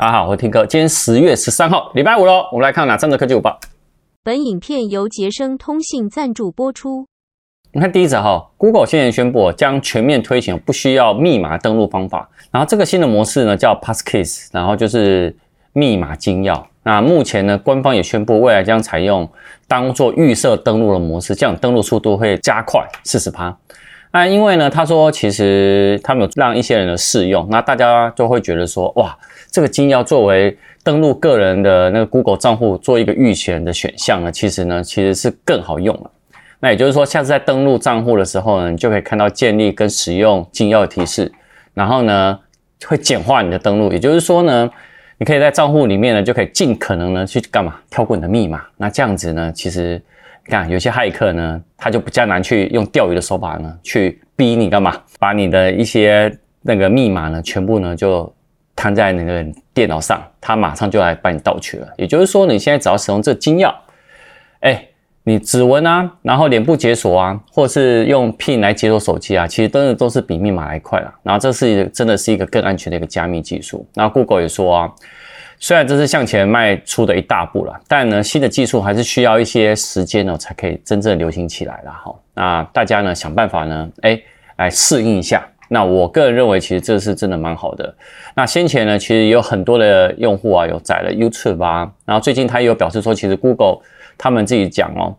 大家好，我是 Tim 哥，今天十月十三號，禮拜五嘍，我們來看哪三則科技午報。本影片由傑昇通信贊助播出。你看第一則哈、哦，Google 先前宣布將全面推行不需要密碼登錄方法，然後這個新的模式呢叫 Passkeys 然後就是密碼金鑰。那目前呢，官方也宣布未來將採用當做預設登錄的模式，這樣登錄速度會加快四十趴。那因為呢，他說其實他們有讓一些人的試用，那大家就會覺得說哇。這個金鑰作為登錄個人的那個 Google 賬戶做一個預選的選項呢，其實呢，其實是更好用了。那也就是說，下次在登錄賬戶的時候呢，你就可以看到建立跟使用金鑰的提示，然後呢會簡化你的登錄。也就是說呢，你可以在賬戶裡面呢就可以盡可能呢去幹嘛跳過你的密碼。那這樣子呢，其實你看有些駭客呢，他就比較難去用釣魚的手法呢去逼你幹嘛把你的一些那個密碼呢全部呢就。攤在那個電腦上，他馬上就來幫你盜取了。也就是說，你現在只要使用這個金鑰，哎、欸，你指紋啊，然後臉部解鎖啊，或是用 PIN 來解鎖手機啊，其實真的都是比密碼來快了、啊。然後這是真的是一個更安全的一個加密技術。那 Google 也說啊，雖然這是向前邁出的一大步了，但呢，新的技術還是需要一些時間呢，才可以真正流行起來了哈。那大家呢，想辦法呢，哎、欸，來適應一下。那我個人認為，其實這是真的蠻好的。那先前呢，其實有很多的用戶啊，有載了 YouTube 啊，然後最近他也有表示說，其實 Google 他們自己講哦，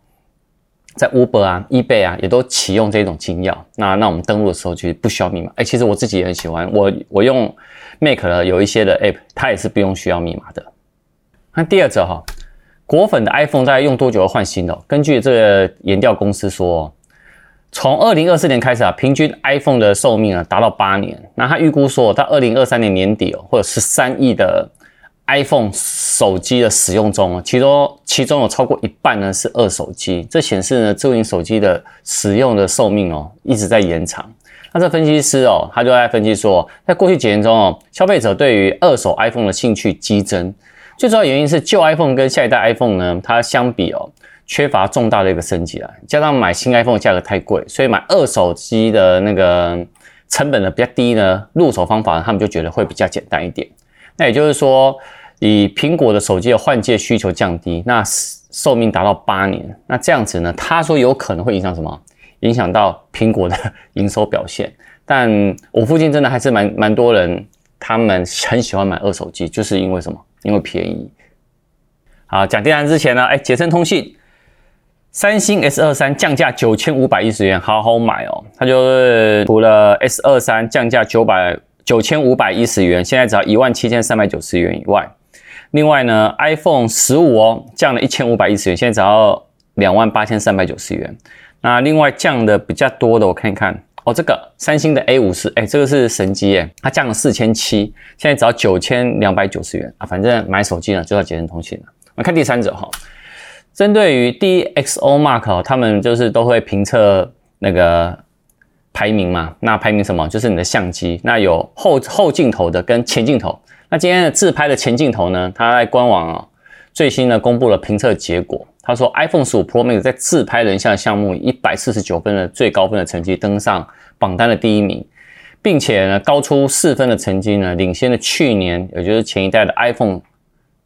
在 Uber 啊、eBay 啊，也都啟用這種金鑰。那那我們登錄的時候，其實不需要密碼。哎，其實我自己也很喜歡，我我用 Mac 的有一些的 App，它也是不用需要密碼的。那第二者哈、哦，果粉的 iPhone 大概用多久換新的、哦？根據這個研調公司說，從二零二四年開始啊，平均 iPhone 的壽命啊達到八年。那他預估說，到二零二三年年底會有十三億的 iPhone 手機的使用中，其中其中有超過一半呢是二手機。這顯示呢，智能手機的使用的壽命哦一直在延長。那這分析師哦，他就在分析說，在過去幾年中哦，消費者對於二手 iPhone 的興趣激增。最主要原因是舊 iPhone 跟下一代 iPhone 呢，它相比哦。缺乏重大的一個升級啊，加上買新 iPhone 的價格太貴，所以買二手機的那個成本呢比較低呢，入手方法呢，他們就覺得會比較簡單一點。那也就是說，以蘋果的手機的換機需求降低，那壽命達到八年，那這樣子呢，他說有可能會影響什麼？影響到蘋果的營收表現。但我附近真的還是蠻蠻多人，他們很喜歡買二手機，就是因為什麼？因為便宜。好，講電纜之前呢，哎，傑森通信。三星 S 二三降價九千五百一十元，好好買哦。它就是除了 S 二三降價九百九千五百一十元，現在只要一萬七千三百九十元以外。另外呢，iPhone 十五哦，降了一千五百一十元，現在只要兩萬八千三百九十元。那另外降的比較多的，我看一看哦，這個三星的 A 五四，哎，這個是神機哎、欸，它降了四千七，現在只要九千兩百九十元啊。反正買手機呢就要節省通信了。我們看第三者哈。針對於 DxO Mark 哦，他們就是都會評測那個排名嘛，那排名什麼？就是你的相機。那有後後鏡頭的跟前鏡頭。那今天的自拍的前鏡頭呢？它在官網啊最新呢公布了評測結果。他說，iPhone 15 Pro Max 在自拍人像項目一百四十九分的最高分的成績登上榜單的第一名，並且呢高出四分的成績呢，領先了去年也就是前一代的 iPhone。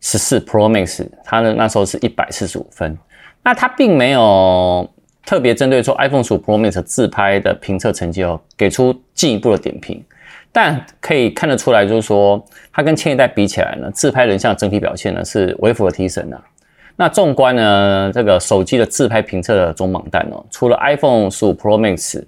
十四 Pro Max，它，的那時候是一百四十五分，那它並沒有特別針對說 iPhone 15 Pro Max 自拍的評測成績哦，給出進一步的點評。但可以看得出來，就是說它跟前一代比起來呢，自拍人像的整體表現呢是微幅的提升呢、啊。那縱觀呢這個手機的自拍評測的總榜單哦，除了 iPhone 15 Pro Max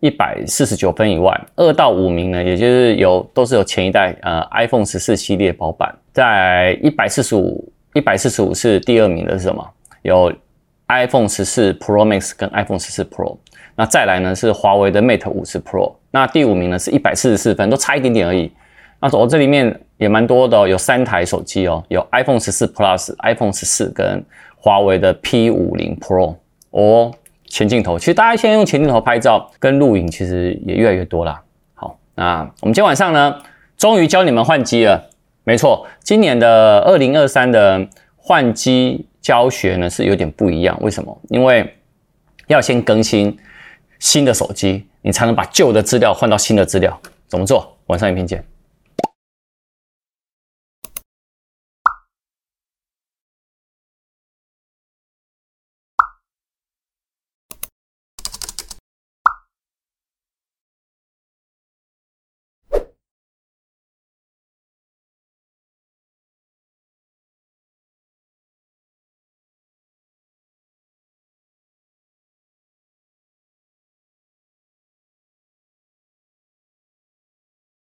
一百四十九分以外，二到五名呢，也就是有都是由前一代呃 iPhone 十四系列包辦。在一百四十五，一百四十五是第二名的是什麼？有 iPhone 十四 Pro Max 跟 iPhone 十四 Pro。那再來呢是華為的 Mate 五十 Pro。那第五名呢是一百四十四分，都差一點點而已。那我、哦、這裡面也蠻多的、哦，有三台手機哦，有 iPhone 十四 Plus、iPhone 十四跟華為的 P 五零 Pro。哦，前鏡頭，其實大家現在用前鏡頭拍照跟錄影其實也越來越多啦。好，那我們今天晚上呢，終於教你們換機了。沒錯，今年的二零二三的換機教學呢是有點不一樣。為什麼？因為要先更新新的手機，你才能把舊的資料換到新的資料。怎麼做？晚上影片見。